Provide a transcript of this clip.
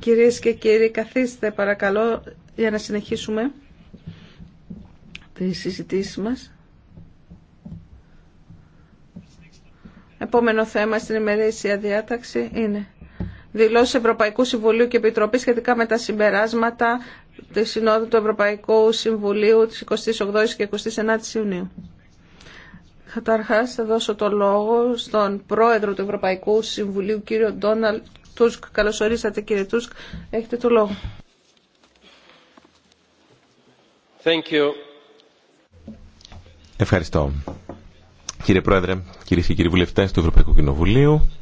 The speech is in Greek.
Κυρίες και κύριοι, καθίστε παρακαλώ για να συνεχίσουμε τις συζητήσεις μας. Επόμενο θέμα στην ημερήσια διάταξη είναι δηλώσει Ευρωπαϊκού Συμβουλίου και Επιτροπή σχετικά με τα συμπεράσματα της Συνόδου του Ευρωπαϊκού Συμβουλίου της 28ης και 29ης Ιουνίου. Καταρχάς θα δώσω το λόγο στον πρόεδρο του Ευρωπαϊκού Συμβουλίου, κύριο Ντόναλτ Τούσκ. Καλώς ορίσατε κύριε Τούσκ. Έχετε το λόγο. Thank you. Ευχαριστώ. Κύριε Πρόεδρε, κυρίε και κύριοι βουλευτέ του Ευρωπαϊκού Κοινοβουλίου,